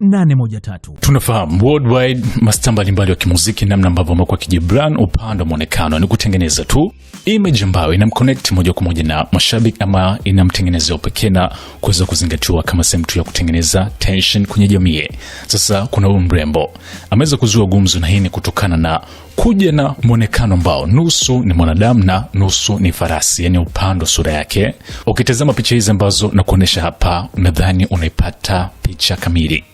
813. Tunafahamu worldwide masta mbalimbali wa kimuziki, namna ambavyo wamekuwa kijibran upande wa mwonekano ni kutengeneza tu image ambayo inamconnect moja kwa moja na mashabiki ama inamtengenezea upekee na kuweza kuzingatiwa kama sehemu tu ya kutengeneza tension kwenye jamii. Sasa kuna huyu mrembo ameweza kuzua gumzo, na hii ni kutokana na kuja na mwonekano ambao nusu ni mwanadamu na nusu ni farasi, yani upande wa sura yake. Ukitazama picha hizi ambazo nakuonyesha hapa, nadhani unaipata picha kamili.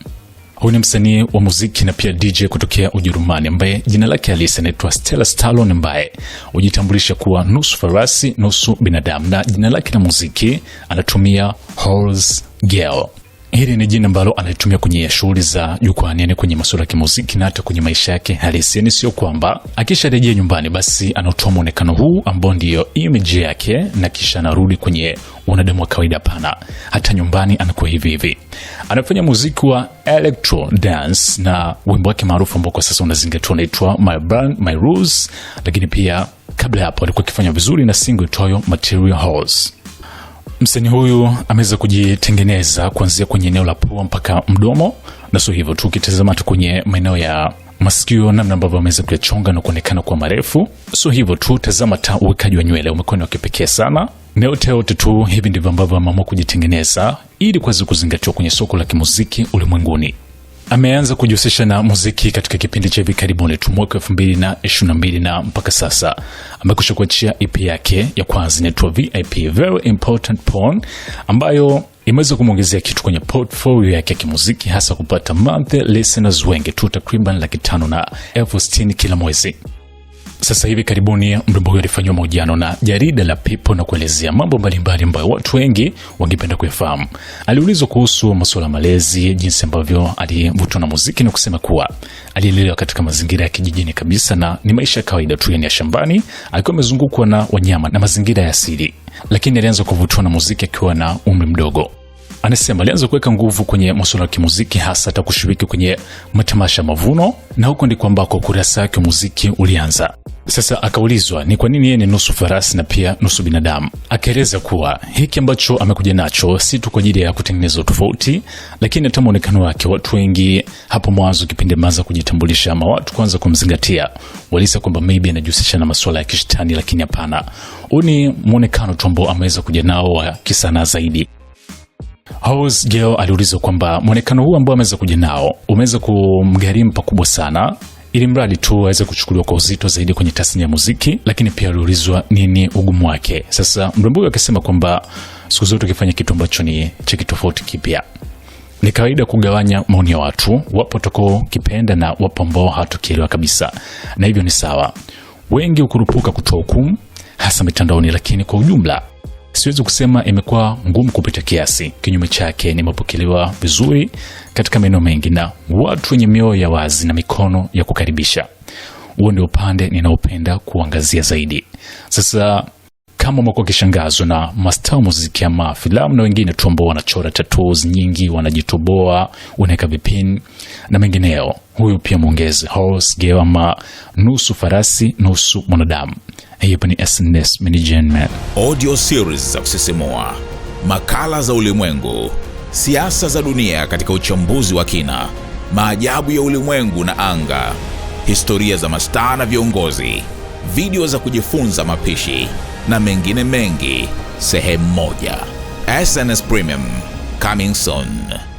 Huyu ni msanii wa muziki na pia DJ kutokea Ujerumani ambaye jina lake halisi anaitwa Stella Stallone ambaye hujitambulisha kuwa nusu farasi, nusu binadamu na jina lake la muziki anatumia Horse Girl. Hili ni jina ambalo anatumia kwenye shughuli za jukwani, yani kwenye masuala ya kimuziki na hata kwenye maisha yake halisi. Yani sio kwamba akisha rejea nyumbani basi anatoa mwonekano huu ambao ndiyo image yake na kisha anarudi kwenye wanadamu wa kawaida. Pana hata nyumbani anakuwa hivi hivi. Anafanya muziki wa electro dance na wimbo wake maarufu ambao kwa sasa unazingatiwa unaitwa My Brand My Rules, lakini pia kabla ya hapo alikuwa akifanya vizuri na single toyo Material Horse. Msanii huyu ameweza kujitengeneza kuanzia kwenye eneo la pua mpaka mdomo, na sio hivyo tu, ukitazama tu kwenye maeneo ya masikio namna ambavyo ameweza kuyachonga na kuonekana kuwa marefu. Sio hivyo tu, tazama ta uwekaji wa nywele umekuwa ni wa kipekee sana, na yote yote tu hivi ndivyo ambavyo ameamua kujitengeneza ili kuweza kuzingatiwa kwenye soko la kimuziki ulimwenguni ameanza kujihusisha na muziki katika kipindi cha hivi karibuni tu mwaka elfu mbili na ishirini na mbili na mpaka sasa amekusha kuachia EP yake ya kwanza inaitwa VIP Very Important Porn ambayo imeweza kumwongezea kitu kwenye portfolio yake ya kimuziki hasa kupata monthly listeners wengi tu takriban laki tano na elfu sitini kila mwezi. Sasa hivi karibuni mrembo huyo alifanyiwa mahojiano na jarida la People na kuelezea mambo mbalimbali ambayo watu wengi wangependa kuyafahamu. Aliulizwa kuhusu masuala ya malezi, jinsi ambavyo alivutwa na muziki na kusema kuwa alielelewa katika mazingira ya kijijini kabisa na ni maisha ya kawaida tu, yani ya shambani, akiwa amezungukwa na wanyama na mazingira ya asili, lakini alianza kuvutwa na muziki akiwa na umri mdogo anasema alianza kuweka nguvu kwenye masuala ya kimuziki hasa hata kushiriki kwenye matamasha mavuno, na huko ndiko ambako kurasa yake muziki ulianza. Sasa akaulizwa ni kwa nini yeye ni nusu farasi na pia nusu binadamu, akaeleza kuwa hiki ambacho amekuja nacho si tu kwa ajili ya kutengeneza tofauti, lakini hata muonekano wake. Watu wengi hapo mwanzo, kipindi maanza kujitambulisha ama watu kwanza kumzingatia, walisa kwamba maybe anajihusisha na masuala ya kishitani lakini hapana, huu ni muonekano tu ambao ameweza kuja nao wa kisanaa zaidi. House Girl aliulizwa kwamba mwonekano huu ambao ameweza kuja nao umeweza kumgharimu pakubwa sana ili mradi tu aweze kuchukuliwa kwa uzito zaidi kwenye tasnia ya muziki, lakini pia aliulizwa nini ugumu wake. Sasa mrembo huyo akisema kwamba siku zote ukifanya kitu ambacho ni cha kitofauti kipya, ni kawaida kugawanya maoni ya watu, wapo toko kipenda na wapo ambao hawatokielewa kabisa, na hivyo ni sawa. Wengi hukurupuka kutoa hukumu, hasa mitandaoni, lakini kwa ujumla siwezi kusema imekuwa ngumu kupita kiasi. Kinyume chake, nimepokelewa vizuri katika maeneo mengi na watu wenye mioyo ya wazi na mikono ya kukaribisha. Huo ndio upande ninaopenda kuangazia zaidi. Sasa kama umekuwa kishangazwa na mastaa muziki ama filamu na wengine tu ambao wanachora tattoos nyingi, wanajitoboa, wanaweka vipini na mengineo, huyu pia mwongeze horse girl ama nusu farasi nusu mwanadamu. Hiyo ni SNS Management. Audio series za kusisimua, makala za ulimwengu, siasa za dunia katika uchambuzi wa kina, maajabu ya ulimwengu na anga, historia za mastaa na viongozi, video za kujifunza mapishi na mengine mengi sehemu moja. SNS Premium coming soon.